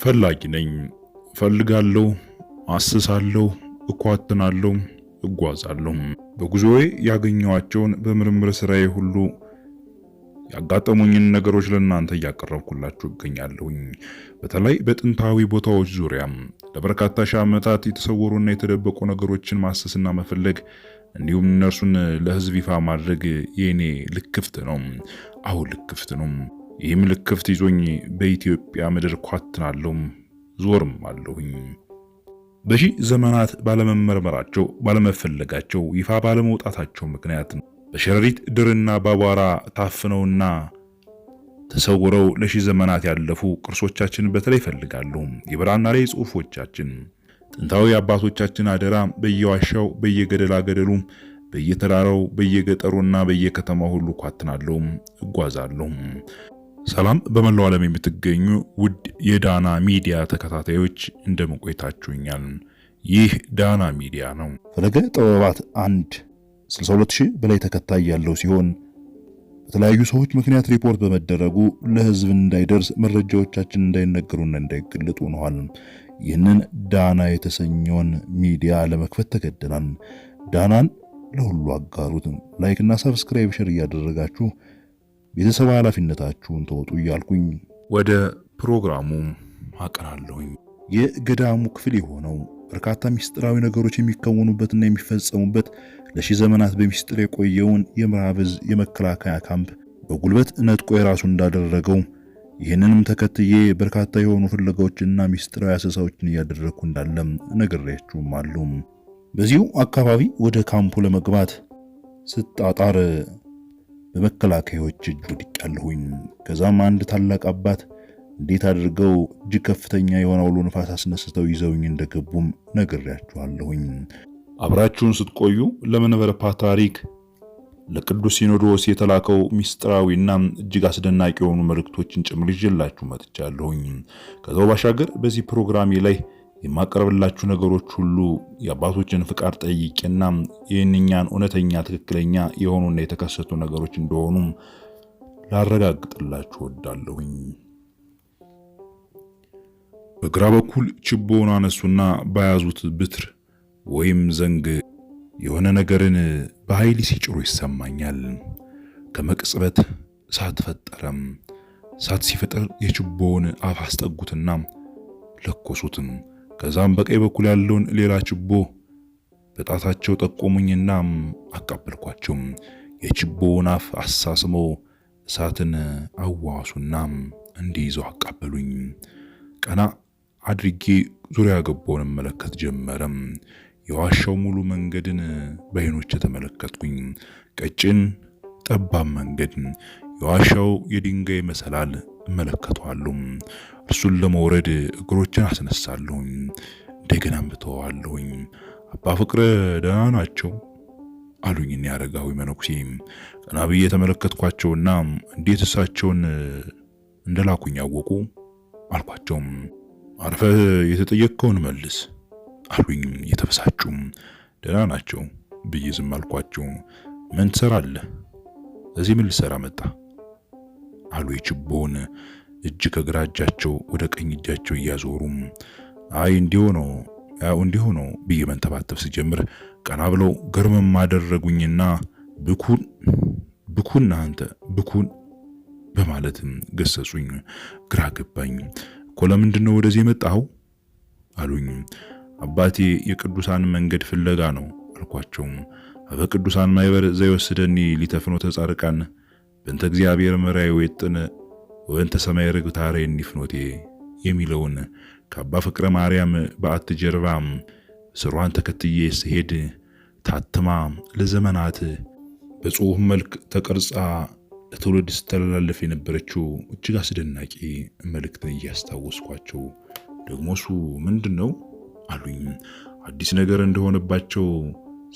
ፈላጊ ነኝ። ፈልጋለሁ፣ አስሳለሁ፣ እኳትናለሁ፣ እጓዛለሁ። በጉዞዬ ያገኘኋቸውን በምርምር ስራዬ ሁሉ ያጋጠሙኝን ነገሮች ለእናንተ እያቀረብኩላችሁ እገኛለሁኝ። በተለይ በጥንታዊ ቦታዎች ዙሪያ ለበርካታ ሺህ ዓመታት የተሰወሩና የተደበቁ ነገሮችን ማሰስና መፈለግ እንዲሁም እነርሱን ለሕዝብ ይፋ ማድረግ የእኔ ልክፍት ነው። አሁን ልክፍት ነው። ይህ ምልክፍት ይዞኝ በኢትዮጵያ ምድር ኳትናለሁም ዞርም አለሁኝ። በሺህ ዘመናት ባለመመርመራቸው ባለመፈለጋቸው ይፋ ባለመውጣታቸው ምክንያት በሸረሪት ድርና በአቧራ ታፍነውና ተሰውረው ለሺህ ዘመናት ያለፉ ቅርሶቻችን በተለይ ይፈልጋሉ። የብራና ላይ ጽሑፎቻችን፣ ጥንታዊ አባቶቻችን አደራ በየዋሻው በየገደላ ገደሉ በየተራራው በየገጠሩና በየከተማው ሁሉ ኳትናለሁም እጓዛለሁም። ሰላም በመላው ዓለም የምትገኙ ውድ የዳና ሚዲያ ተከታታዮች እንደምን ቆይታችሁኛል? ይህ ዳና ሚዲያ ነው። ፈለገ ጥበባት አንድ 62 ሺህ በላይ ተከታይ ያለው ሲሆን በተለያዩ ሰዎች ምክንያት ሪፖርት በመደረጉ ለህዝብ እንዳይደርስ መረጃዎቻችን እንዳይነገሩና እንዳይገለጡ ሆነዋል። ይህንን ዳና የተሰኘውን ሚዲያ ለመክፈት ተገደናል። ዳናን ለሁሉ አጋሩት። ላይክና ሰብስክራይብ ሸር እያደረጋችሁ ቤተሰብ ኃላፊነታችሁን ተወጡ እያልኩኝ ወደ ፕሮግራሙ አቀናለሁኝ። የገዳሙ ክፍል የሆነው በርካታ ሚስጥራዊ ነገሮች የሚከወኑበትና የሚፈጸሙበት ለሺ ዘመናት በሚስጥር የቆየውን የምዕራብ የመከላከያ ካምፕ በጉልበት ነጥቆ የራሱ እንዳደረገው ይህንንም ተከትዬ በርካታ የሆኑ ፍለጋዎችና ሚስጥራዊ አሰሳዎችን እያደረግኩ እንዳለም ነግሬያችሁም አሉ። በዚሁ አካባቢ ወደ ካምፑ ለመግባት ስጣጣር በመከላከያዎች እጅ ወድቄያለሁኝ። ከዛም አንድ ታላቅ አባት እንዴት አድርገው እጅግ ከፍተኛ የሆነ አውሎ ንፋስ አስነስተው ይዘውኝ እንደገቡም ነግሬያችኋለሁኝ። አብራችሁን ስትቆዩ ለመንበረ ፓትርያርክ ለቅዱስ ሲኖዶስ የተላከው ሚስጥራዊና እጅግ አስደናቂ የሆኑ መልእክቶችን ጭምር ይዤላችሁ መጥቻለሁኝ። ከዛው ባሻገር በዚህ ፕሮግራሜ ላይ የማቀርብላችሁ ነገሮች ሁሉ የአባቶችን ፍቃድ ጠይቄና ይህንኛን እውነተኛ ትክክለኛ የሆኑና የተከሰቱ ነገሮች እንደሆኑም ላረጋግጥላችሁ ወዳለሁኝ። በግራ በኩል ችቦውን አነሱና በያዙት ብትር ወይም ዘንግ የሆነ ነገርን በኃይል ሲጭሩ ይሰማኛል። ከመቅጽበት እሳት ፈጠረም። እሳት ሲፈጠር የችቦውን አፍ አስጠጉትና ለኮሱትም። ከዛም በቀኝ በኩል ያለውን ሌላ ችቦ በጣታቸው ጠቆሙኝና አቃበልኳቸው። የችቦውን አፍ አሳስመው እሳትን አዋሱና እንዲይዘው አቃበሉኝ። ቀና አድርጌ ዙሪያ ገባውን መለከት ጀመረም። የዋሻው ሙሉ መንገድን በአይኖች ተመለከትኩኝ። ቀጭን ጠባብ መንገድ፣ የዋሻው የድንጋይ መሰላል እመለከተዋለሁ። እርሱን ለመውረድ እግሮችን አስነሳለሁ፣ እንደገናም እተወዋለሁኝ። አባ ፍቅረ ደህና ናቸው አሉኝ። እኔ አረጋዊ መነኩሴ ቀና ብዬ የተመለከትኳቸውና እንዴት እሳቸውን እንደላኩኝ አወቁ አልኳቸውም። አርፈ የተጠየቅከውን መልስ አሉኝ የተበሳጩ። ደህና ናቸው ብዬ ዝም አልኳቸው። ምን ትሰራለህ? እዚህ ምን ልሰራ መጣ አሉ የችቦውን እጅ ከግራ እጃቸው ወደ ቀኝ እጃቸው እያዞሩም። አይ እንዲሁ ነው ያው እንዲሁ ነው ብዬ መንተባተብ ስጀምር ቀና ብለው ገርመም አደረጉኝና ብኩን ብኩን አንተ ብኩን በማለትም ገሰጹኝ። ግራ ገባኝ እኮ ለምንድን ነው ወደዚህ የመጣው አሉኝ። አባቴ የቅዱሳን መንገድ ፍለጋ ነው አልኳቸውም። በቅዱሳን ማይበር ዘይወስደኒ ሊተፍኖ ተጻርቃን በእንተ እግዚአብሔር መራይ ወይጥን ወእንተ ሰማይ ርግብታሬኒ ፍኖቴ የሚለውን ከአባ ፍቅረ ማርያም በዓት ጀርባ ስሯን ተከትዬ ስሄድ ታትማ ለዘመናት በጽሑፍ መልክ ተቀርጻ ለትውልድ ስተላለፍ የነበረችው እጅግ አስደናቂ መልእክትን እያስታወስኳቸው ደግሞ እሱ ምንድን ነው አሉኝ። አዲስ ነገር እንደሆነባቸው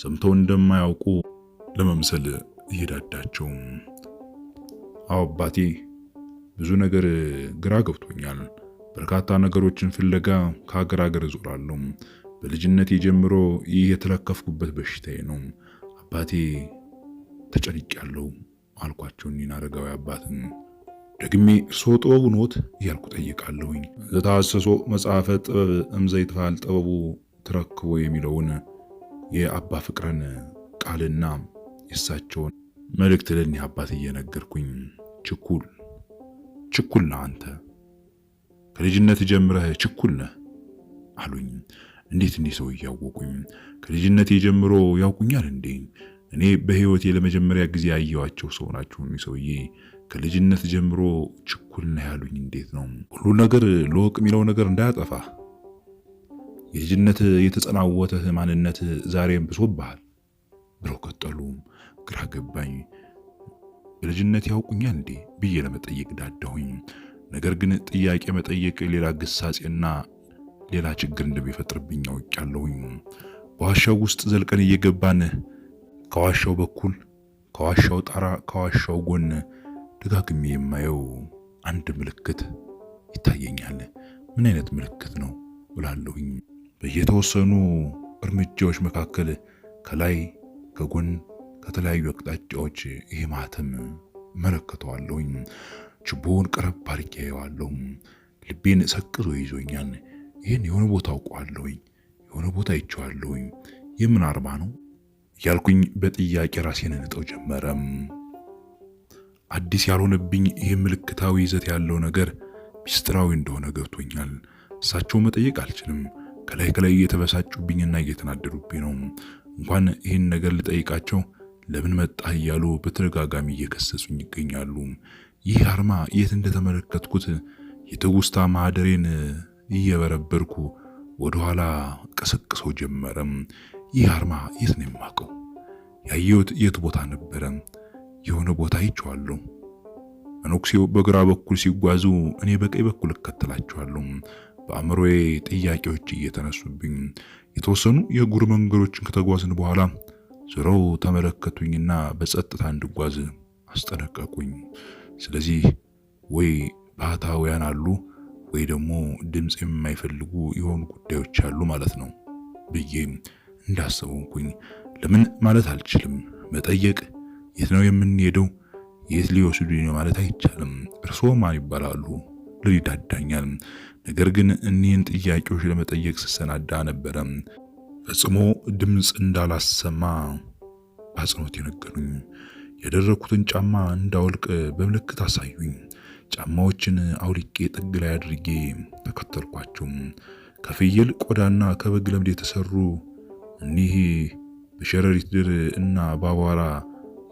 ሰምተው እንደማያውቁ ለመምሰል እየዳዳቸው አዎ አባቴ፣ ብዙ ነገር ግራ ገብቶኛል። በርካታ ነገሮችን ፍለጋ ከሀገር ሀገር እዞራለሁ። በልጅነቴ ጀምሮ ይህ የተለከፍኩበት በሽታዬ ነው አባቴ፣ ተጨንቄያለሁ አልኳቸው እኒን አረጋዊ አባትን። ደግሜ እርስዎ ጥበቡ ኖት እያልኩ ጠይቃለሁኝ። ዘታሰሶ መጽሐፈ ጥበብ እምዘይትፋል ጥበቡ ትረክቦ የሚለውን የአባ ፍቅረን ቃልና የእሳቸውን መልእክት ለኒህ አባት እየነገርኩኝ ችኩል ችኩል ነህ አንተ ከልጅነት ጀምረህ ችኩል ነህ አሉኝ። እንዴት እንዲህ ሰው እያወቁኝ ከልጅነቴ ጀምሮ ያውቁኛል እንዴ? እኔ በህይወቴ ለመጀመሪያ ጊዜ አየዋቸው ሰው ናቸው ሰውዬ። ከልጅነት ጀምሮ ችኩል ነህ ያሉኝ እንዴት ነው? ሁሉ ነገር ለወቅ የሚለው ነገር እንዳያጠፋ የልጅነት የተጸናወተህ ማንነት ዛሬም ብሶብሃል ብለው ቀጠሉ። ግራ ገባኝ። የልጅነት ያውቁኛል እንዴ ብዬ ለመጠየቅ ዳዳሁኝ። ነገር ግን ጥያቄ መጠየቅ ሌላ ግሳጼና ሌላ ችግር እንደሚፈጥርብኝ አውቃለሁኝ። በዋሻው ውስጥ ዘልቀን እየገባን ከዋሻው በኩል ከዋሻው ጣራ ከዋሻው ጎን ደጋግሜ የማየው አንድ ምልክት ይታየኛል። ምን አይነት ምልክት ነው ብላለሁኝ። በየተወሰኑ እርምጃዎች መካከል ከላይ ከጎን ከተለያዩ አቅጣጫዎች ይሄ ማህተም እመለከተዋለሁኝ። ችቦውን ቀረብ አድርጌ ያየዋለሁ። ልቤን ሰቅዞ ይዞኛል። ይህን የሆነ ቦታ አውቀዋለሁኝ፣ የሆነ ቦታ አይቼዋለሁኝ። የምን አርማ ነው ያልኩኝ በጥያቄ ራሴን ንጠው ጀመረም። አዲስ ያልሆነብኝ ይህ ምልክታዊ ይዘት ያለው ነገር ሚስጥራዊ እንደሆነ ገብቶኛል። እሳቸው መጠየቅ አልችልም። ከላይ ከላይ እየተበሳጩብኝና እየተናደዱብኝ ነው። እንኳን ይህን ነገር ልጠይቃቸው ለምን መጣ እያሉ በተደጋጋሚ እየከሰሱኝ ይገኛሉ። ይህ አርማ የት እንደተመለከትኩት የትውስታ ማህደሬን እየበረበርኩ ወደኋላ ቀሰቅሰው ጀመረም። ይህ አርማ የት ነው የማውቀው? ያየሁት የት ቦታ ነበረ? የሆነ ቦታ አይቼዋለሁ። መነኩሴው በግራ በኩል ሲጓዙ፣ እኔ በቀኝ በኩል እከተላቸዋለሁ። በአእምሮዬ ጥያቄዎች እየተነሱብኝ የተወሰኑ የእግር መንገዶችን ከተጓዝን በኋላ ዞረው ተመለከቱኝና በጸጥታ እንድጓዝ አስጠነቀቁኝ። ስለዚህ ወይ ባህታውያን አሉ ወይ ደግሞ ድምፅ የማይፈልጉ የሆኑ ጉዳዮች አሉ ማለት ነው ብዬ እንዳሰቡኩኝ ለምን ማለት አልችልም። መጠየቅ የት ነው የምንሄደው? የት ሊወስዱኝ ነው ማለት አይቻልም። እርስዎ ማን ይባላሉ ልል ይዳዳኛል። ነገር ግን እኒህን ጥያቄዎች ለመጠየቅ ስሰናዳ ነበረ። ፈጽሞ ድምፅ እንዳላሰማ በአጽንኦት የነገሩኝ፣ ያደረኩትን ጫማ እንዳወልቅ በምልክት አሳዩኝ። ጫማዎችን አውልቄ ጥግ ላይ አድርጌ ተከተልኳቸው። ከፍየል ቆዳና ከበግ ለምድ የተሰሩ እኒህ በሸረሪት ድር እና በአቧራ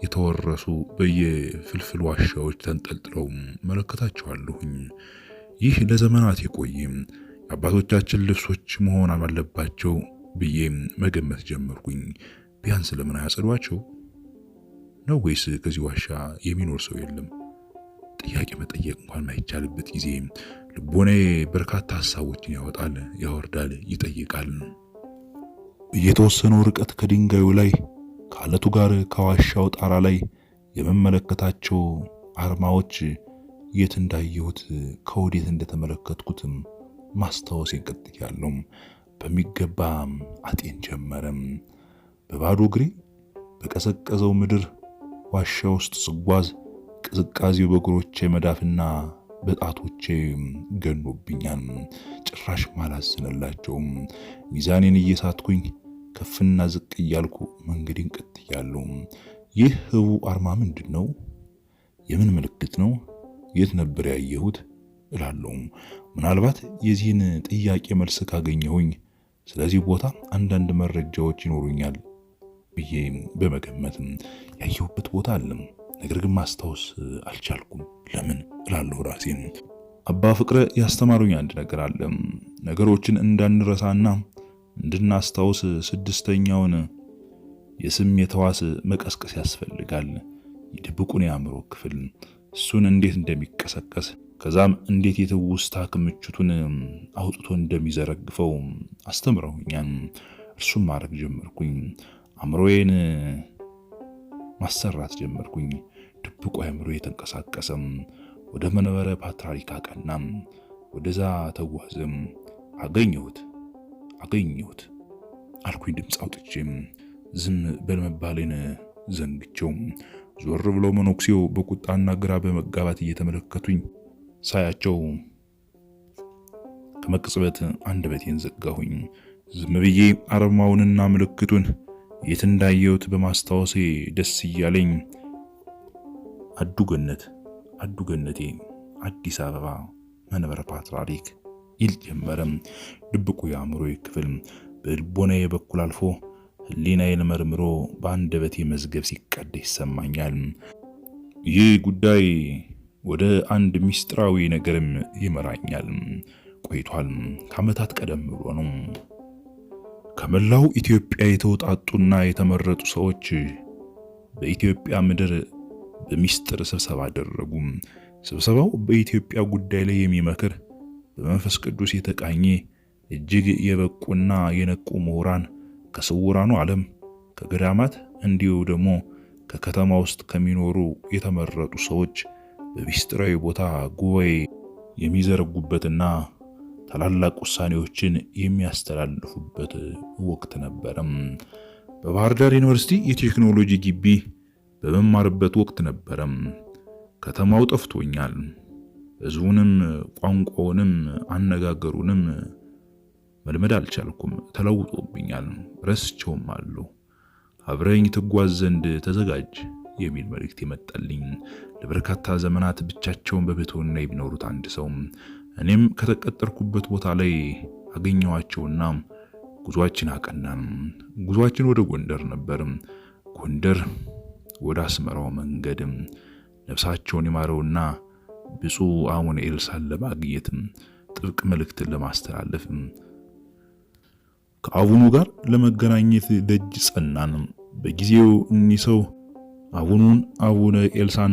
የተወረሱ በየፍልፍል ዋሻዎች ተንጠልጥለው መለከታቸዋለሁኝ። ይህ ለዘመናት የቆየ የአባቶቻችን ልብሶች መሆን አለባቸው ብዬም መገመት ጀመርኩኝ። ቢያንስ ለምን አያጸዷቸው ነው? ወይስ ከዚህ ዋሻ የሚኖር ሰው የለም? ጥያቄ መጠየቅ እንኳን ማይቻልበት ጊዜ ልቦኔ በርካታ ሀሳቦችን ያወጣል፣ ያወርዳል፣ ይጠይቃል። የተወሰነው ርቀት ከድንጋዩ ላይ ከአለቱ ጋር ከዋሻው ጣራ ላይ የመመለከታቸው አርማዎች የት እንዳየሁት ከወዴት እንደተመለከትኩትም ማስታወስ ይቀጥያለሁ። በሚገባም አጤን ጀመረም። በባዶ እግሬ በቀዘቀዘው ምድር ዋሻ ውስጥ ስጓዝ ቅዝቃዜው በእግሮቼ መዳፍና በጣቶቼ ገኖብኛል። ጭራሽ አላዝንላቸውም። ሚዛኔን እየሳትኩኝ ከፍና ዝቅ እያልኩ መንገዴን ቀጥ እያለሁ። ይህ ህቡ አርማ ምንድን ነው? የምን ምልክት ነው? የት ነበር ያየሁት እላለሁ። ምናልባት የዚህን ጥያቄ መልስ ካገኘሁኝ ስለዚህ ቦታ አንዳንድ መረጃዎች ይኖሩኛል ብዬ በመገመትም ያየሁበት ቦታ አለም። ነገር ግን ማስታወስ አልቻልኩም። ለምን እላለሁ ራሴን። አባ ፍቅረ ያስተማሩኝ አንድ ነገር አለ። ነገሮችን እንዳንረሳና እንድናስታውስ ስድስተኛውን የስም የተዋስ መቀስቀስ ያስፈልጋል። የድብቁን የአእምሮ ክፍል እሱን እንዴት እንደሚቀሰቀስ ከዛም እንዴት የትውስታ ክምችቱን አውጥቶ እንደሚዘረግፈው አስተምረውኛል። እርሱም ማድረግ ጀመርኩኝ። አእምሮዬን ማሰራት ጀመርኩኝ። ድብቁ አእምሮ የተንቀሳቀሰም ወደ መንበረ ፓትርያርክ አቀናም። ወደዛ ተጓዘም። አገኘሁት አገኘሁት አልኩኝ ድምፅ አውጥቼም ዝም በል ዘንግቸው ዞር ብሎ መነኩሴው በቁጣና ግራ በመጋባት እየተመለከቱኝ ሳያቸው ከመቅጽበት አንደበቴን ዘጋሁኝ። ዝም ብዬ አርማውንና ምልክቱን የት እንዳየሁት በማስታወሴ ደስ እያለኝ አዱገነት አዱገነቴ አዲስ አበባ መንበረ ፓትርያርክ ይል ጀመረም። ድብቁ የአእምሮዬ ክፍል በልቦናዬ በኩል አልፎ ሕሊናዬን መርምሮ በአንደበቴ መዝገብ ሲቀዳ ይሰማኛል። ይህ ጉዳይ ወደ አንድ ሚስጥራዊ ነገርም ይመራኛል። ቆይቷል። ከዓመታት ቀደም ብሎ ነው። ከመላው ኢትዮጵያ የተውጣጡና የተመረጡ ሰዎች በኢትዮጵያ ምድር በሚስጥር ስብሰባ አደረጉ። ስብሰባው በኢትዮጵያ ጉዳይ ላይ የሚመክር በመንፈስ ቅዱስ የተቃኘ እጅግ የበቁና የነቁ ምሁራን ከስውራኑ ዓለም ከገዳማት እንዲሁ ደግሞ ከከተማ ውስጥ ከሚኖሩ የተመረጡ ሰዎች በሚስጥራዊ ቦታ ጉባኤ የሚዘረጉበትና ታላላቅ ውሳኔዎችን የሚያስተላልፉበት ወቅት ነበረም። በባህር ዳር ዩኒቨርሲቲ የቴክኖሎጂ ግቢ በመማርበት ወቅት ነበረም። ከተማው ጠፍቶኛል። ህዝቡንም ቋንቋውንም አነጋገሩንም መልመድ አልቻልኩም። ተለውጦብኛል፣ ረስቸውም አለሁ። አብረኝ ትጓዝ ዘንድ ተዘጋጅ የሚል መልእክት የመጣልኝ። ለበርካታ ዘመናት ብቻቸውን በቤቶና የሚኖሩት አንድ ሰው እኔም ከተቀጠርኩበት ቦታ ላይ አገኘዋቸውና ጉዟችን አቀናን። ጉዟችን ወደ ጎንደር ነበር። ጎንደር ወደ አስመራው መንገድ ነፍሳቸውን የማረውና ብፁዕ አቡነ ኤልሳን ለማግኘት ጥብቅ መልእክትን ለማስተላለፍ ከአቡኑ ጋር ለመገናኘት ደጅ ጸናን። በጊዜው እኒህ ሰው አቡኑን አቡነ ኤልሳን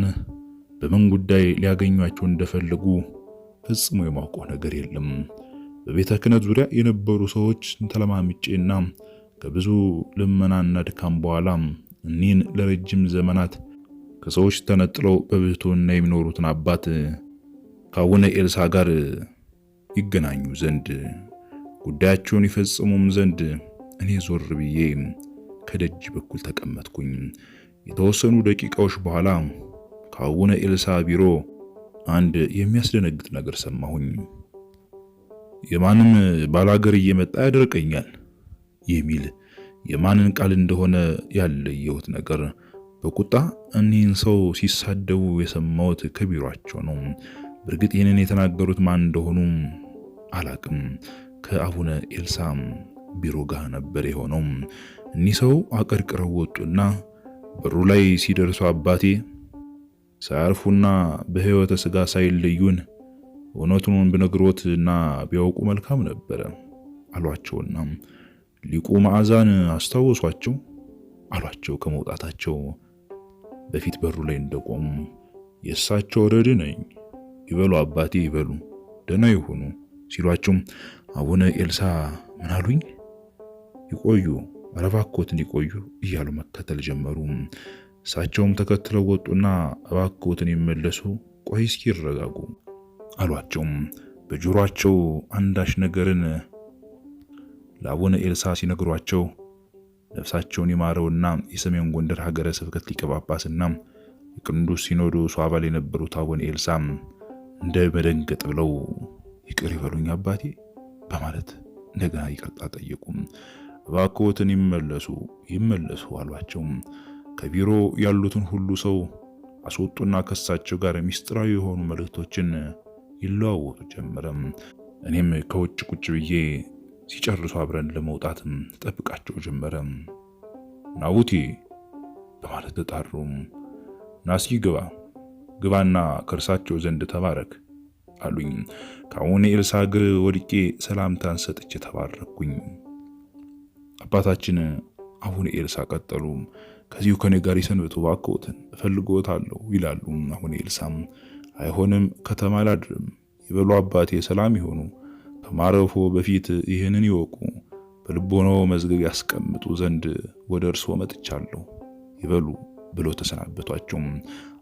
በምን ጉዳይ ሊያገኟቸው እንደፈለጉ ፈጽሞ የማውቀው ነገር የለም። በቤተ ክህነት ዙሪያ የነበሩ ሰዎች ተለማምጬና ከብዙ ልመናና ድካም በኋላ እኒህን ለረጅም ዘመናት ከሰዎች ተነጥለው በብሕትውና የሚኖሩትን አባት ከአቡነ ኤልሳ ጋር ይገናኙ ዘንድ ጉዳያቸውን ይፈጽሙም ዘንድ እኔ ዞር ብዬ ከደጅ በኩል ተቀመጥኩኝ። የተወሰኑ ደቂቃዎች በኋላ ከአቡነ ኤልሳ ቢሮ አንድ የሚያስደነግጥ ነገር ሰማሁኝ። የማንም ባላገር እየመጣ ያደርቀኛል የሚል የማንን ቃል እንደሆነ ያለየሁት ነገር በቁጣ እኒህን ሰው ሲሳደቡ የሰማሁት ከቢሯቸው ነው። በእርግጥ ይህንን የተናገሩት ማን እንደሆኑ አላቅም። ከአቡነ ኤልሳ ቢሮ ጋር ነበር የሆነው። እኒህ ሰው አቀርቅረው ወጡና በሩ ላይ ሲደርሱ አባቴ ሳያርፉና በሕይወተ ሥጋ ሳይለዩን እውነቱን ብነግሮትና ቢያውቁ መልካም ነበረ አሏቸውና ሊቁ መዓዛን አስታወሷቸው አሏቸው። ከመውጣታቸው በፊት በሩ ላይ እንደቆሙ የእሳቸው ረድ ነኝ ይበሉ አባቴ ይበሉ ደህና ይሁኑ ሲሏቸውም አቡነ ኤልሳ ምን አሉኝ? ይቆዩ እባክዎት እንዲቆዩ እያሉ መከተል ጀመሩ። እሳቸውም ተከትለው ወጡና እባክዎትን ይመለሱ፣ ቆይ እስኪ ይረጋጉ አሏቸውም። በጆሯቸው አንዳች ነገርን ለአቡነ ኤልሳ ሲነግሯቸው ነፍሳቸውን ይማረውና የሰሜን ጎንደር ሀገረ ስብከት ሊቀ ጳጳስና የቅዱስ ሲኖዶሱ አባል የነበሩት አቡነ ኤልሳ እንደ መደንገጥ ብለው ይቅር ይበሉኝ አባቴ በማለት እንደገና ይቅርታ ጠየቁ። እባክዎትን ይመለሱ ይመለሱ አሏቸው። ከቢሮ ያሉትን ሁሉ ሰው አስወጡና ከሳቸው ጋር ሚስጥራዊ የሆኑ መልእክቶችን ይለዋወጡ ጀመረም። እኔም ከውጭ ቁጭ ብዬ ሲጨርሱ አብረን ለመውጣት ጠብቃቸው ጀመረ። ናቡቴ በማለት ተጣሩ። ናሲ ግባ ግባና ከእርሳቸው ዘንድ ተባረክ አሉኝ። ከአሁን ኤልሳ እግር ወድቄ ሰላምታን ሰጥቼ ተባረኩኝ። አባታችን አቡነ ኤልሳ ቀጠሉ ከዚሁ ከኔ ጋር ይሰንብቱ ባክዎትን እፈልግዎታለሁ ይላሉ። አቡነ ኤልሳም አይሆንም፣ ከተማ አላድርም። የበሉ አባቴ ሰላም ይሆኑ። ከማረፎ በፊት ይህንን ይወቁ፣ በልቦኖ መዝገብ ያስቀምጡ ዘንድ ወደ እርሶ መጥቻለሁ። ይበሉ ብሎ ተሰናበቷቸውም።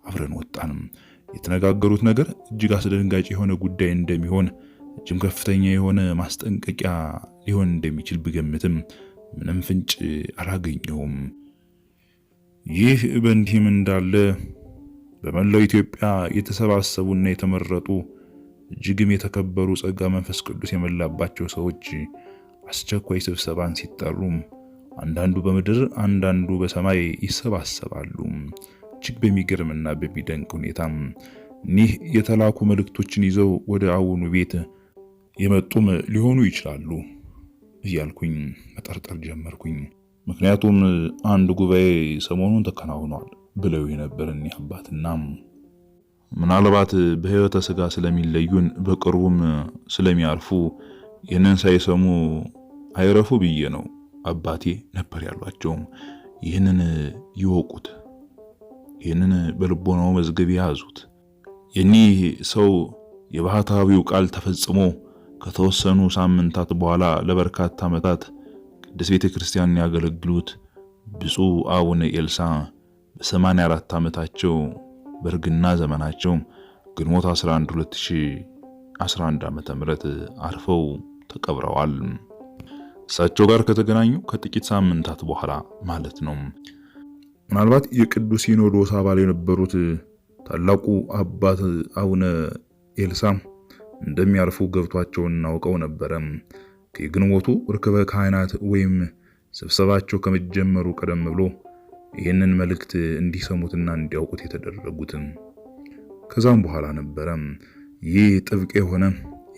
አብረን ወጣንም። የተነጋገሩት ነገር እጅግ አስደንጋጭ የሆነ ጉዳይ እንደሚሆን እጅም ከፍተኛ የሆነ ማስጠንቀቂያ ሊሆን እንደሚችል ብገምትም ምንም ፍንጭ አላገኘውም። ይህ በእንዲህም እንዳለ በመላው ኢትዮጵያ የተሰባሰቡና የተመረጡ እጅግም የተከበሩ ጸጋ መንፈስ ቅዱስ የመላባቸው ሰዎች አስቸኳይ ስብሰባን ሲጠሩም አንዳንዱ በምድር አንዳንዱ በሰማይ ይሰባሰባሉ። እጅግ በሚገርምና በሚደንቅ ሁኔታም እኒህ የተላኩ መልእክቶችን ይዘው ወደ አውኑ ቤት የመጡም ሊሆኑ ይችላሉ። እያልኩኝ መጠርጠር ጀመርኩኝ። ምክንያቱም አንድ ጉባኤ ሰሞኑን ተከናውኗል ብለው የነበር እኒህ አባትና ምናልባት በሕይወተ ሥጋ ስለሚለዩን በቅርቡም ስለሚያርፉ ይህንን ሳይሰሙ አይረፉ ብዬ ነው አባቴ ነበር ያሏቸው። ይህንን ይወቁት፣ ይህንን በልቦናው መዝገብ ያዙት። የኒህ ሰው የባህታዊው ቃል ተፈጽሞ ከተወሰኑ ሳምንታት በኋላ ለበርካታ ዓመታት ቅድስት ቤተ ክርስቲያን ያገለግሉት ብፁዕ አቡነ ኤልሳ በ84 ዓመታቸው በእርግና ዘመናቸው ግንቦት 11 2011 ዓ.ም አርፈው ተቀብረዋል። እሳቸው ጋር ከተገናኙ ከጥቂት ሳምንታት በኋላ ማለት ነው። ምናልባት የቅዱስ ሲኖዶስ አባል የነበሩት ታላቁ አባት አቡነ ኤልሳ እንደሚያርፉ ገብቷቸው እናውቀው ነበረም። ከግንቦቱ ርክበ ካህናት ወይም ስብሰባቸው ከመጀመሩ ቀደም ብሎ ይህንን መልእክት እንዲሰሙትና እንዲያውቁት የተደረጉትም ከዛም በኋላ ነበረም። ይህ ጥብቅ የሆነ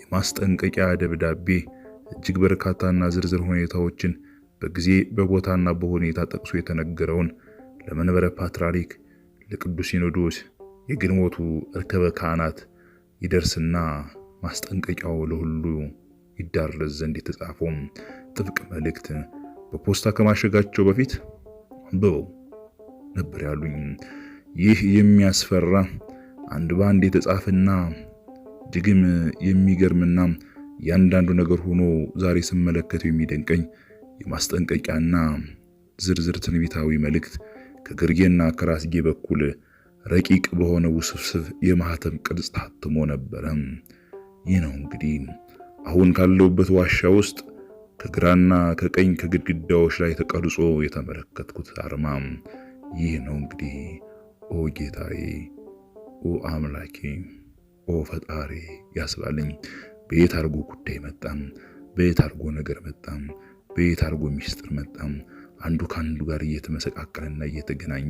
የማስጠንቀቂያ ደብዳቤ እጅግ በርካታና ዝርዝር ሁኔታዎችን በጊዜ በቦታና በሁኔታ ጠቅሶ የተነገረውን ለመንበረ ፓትርያርክ ለቅዱስ ሲኖዶስ የግንቦቱ ርክበ ካህናት ይደርስና ማስጠንቀቂያው ለሁሉ ይዳረስ ዘንድ የተጻፈው ጥብቅ መልእክት በፖስታ ከማሸጋቸው በፊት አንብበው ነበር ያሉኝ። ይህ የሚያስፈራ አንድ በአንድ የተጻፈና እጅግም የሚገርምና እያንዳንዱ ነገር ሆኖ ዛሬ ስመለከተው የሚደንቀኝ የማስጠንቀቂያና ዝርዝር ትንቢታዊ መልእክት ከግርጌና ከራስጌ በኩል ረቂቅ በሆነ ውስብስብ የማህተም ቅርጽ ታትሞ ነበረ። ይህ ነው እንግዲህ አሁን ካለሁበት ዋሻ ውስጥ ከግራና ከቀኝ ከግድግዳዎች ላይ ተቀርጾ የተመለከትኩት አርማ ይህ ነው እንግዲህ። ኦ ጌታዬ፣ ኦ አምላኬ፣ ኦ ፈጣሪ ያስባለኝ። በየት አርጎ ጉዳይ መጣም፣ በየት አርጎ ነገር መጣም፣ በየት አርጎ ሚስጥር መጣም። አንዱ ከአንዱ ጋር እየተመሰቃቀለና እየተገናኘ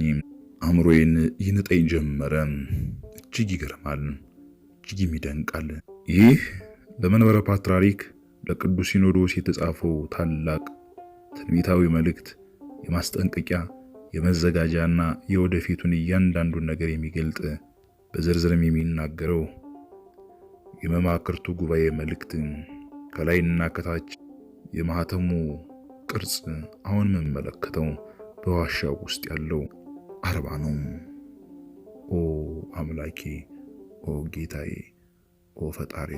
አእምሮዬን ይንጠኝ ጀመረ። እጅግ ይገርማል፣ እጅግ ይደንቃል። ይህ በመንበረ ፓትርያርክ ለቅዱስ ሲኖዶስ የተጻፈው ታላቅ ትንቢታዊ መልእክት የማስጠንቀቂያ የመዘጋጃና የወደፊቱን እያንዳንዱን ነገር የሚገልጥ በዝርዝርም የሚናገረው የመማክርቱ ጉባኤ መልእክት ከላይና ከታች የማህተሙ ቅርጽ አሁን የምመለከተው በዋሻው ውስጥ ያለው አርባ ነው። ኦ አምላኬ፣ ኦ ጌታዬ ኦ ፈጣሪ።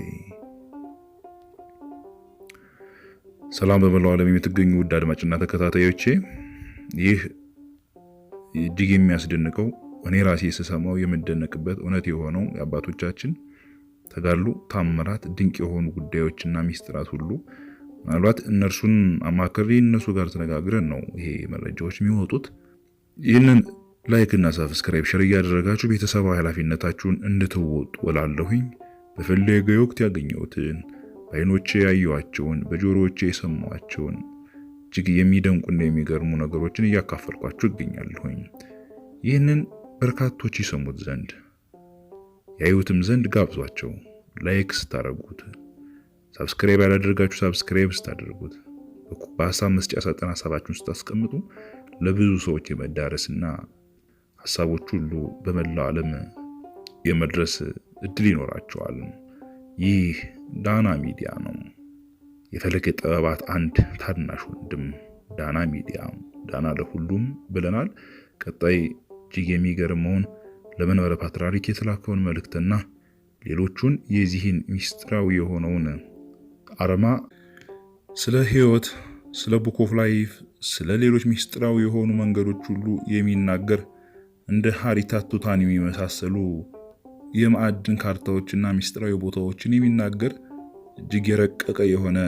ሰላም በመላው ዓለም የምትገኙ ውድ አድማጭና ተከታታዮቼ፣ ይህ እጅግ የሚያስደንቀው እኔ ራሴ ስሰማው የምደነቅበት እውነት የሆነው የአባቶቻችን ተጋድሎ ታምራት፣ ድንቅ የሆኑ ጉዳዮችና ሚስጥራት ሁሉ ምናልባት እነርሱን አማክሬ እነሱ ጋር ተነጋግረን ነው ይሄ መረጃዎች የሚወጡት። ይህንን ላይክ እና ሰብስክራይብ ሸር እያደረጋችሁ ቤተሰባዊ ኃላፊነታችሁን እንድትወጡ እላለሁኝ። በፈለገ ወቅት ያገኘሁትን በዓይኖቼ ያየኋቸውን በጆሮዎቼ የሰማኋቸውን እጅግ የሚደንቁና የሚገርሙ ነገሮችን እያካፈልኳችሁ እገኛለሁኝ። ይህንን በርካቶች ይሰሙት ዘንድ ያዩትም ዘንድ ጋብዟቸው። ላይክ ስታደርጉት፣ ሳብስክራይብ ያላደርጋችሁ ሳብስክራይብ ስታደርጉት፣ በሀሳብ መስጫ ሳጥን ሀሳባችሁን ስታስቀምጡ ለብዙ ሰዎች የመዳረስና ሀሳቦች ሁሉ በመላው ዓለም የመድረስ እድል ይኖራቸዋል። ይህ ዳና ሚዲያ ነው። የፈለገ ጥበባት አንድ ታናሽ ወንድም ዳና ሚዲያ። ዳና ለሁሉም ብለናል። ቀጣይ እጅግ የሚገርመውን ለመንበረ ፓትርያርክ የተላከውን መልእክትና ሌሎቹን የዚህን ሚስጥራዊ የሆነውን አርማ ስለ ህይወት ስለ ቡክ ኦፍ ላይፍ፣ ስለ ሌሎች ሚስጥራዊ የሆኑ መንገዶች ሁሉ የሚናገር እንደ ሀሪታ ቱታን የሚመሳሰሉ የማዕድን ካርታዎችና ሚስጥራዊ ቦታዎችን የሚናገር እጅግ የረቀቀ የሆነ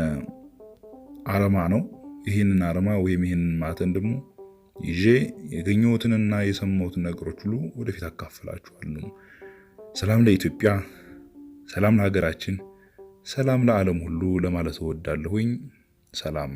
አረማ ነው። ይህንን አረማ ወይም ይህንን ማተን ደግሞ ይዤ ያገኘሁትንና የሰማሁትን ነገሮች ሁሉ ወደፊት አካፍላችኋለሁ። ሰላም ለኢትዮጵያ፣ ሰላም ለሀገራችን፣ ሰላም ለዓለም ሁሉ ለማለት እወዳለሁኝ። ሰላም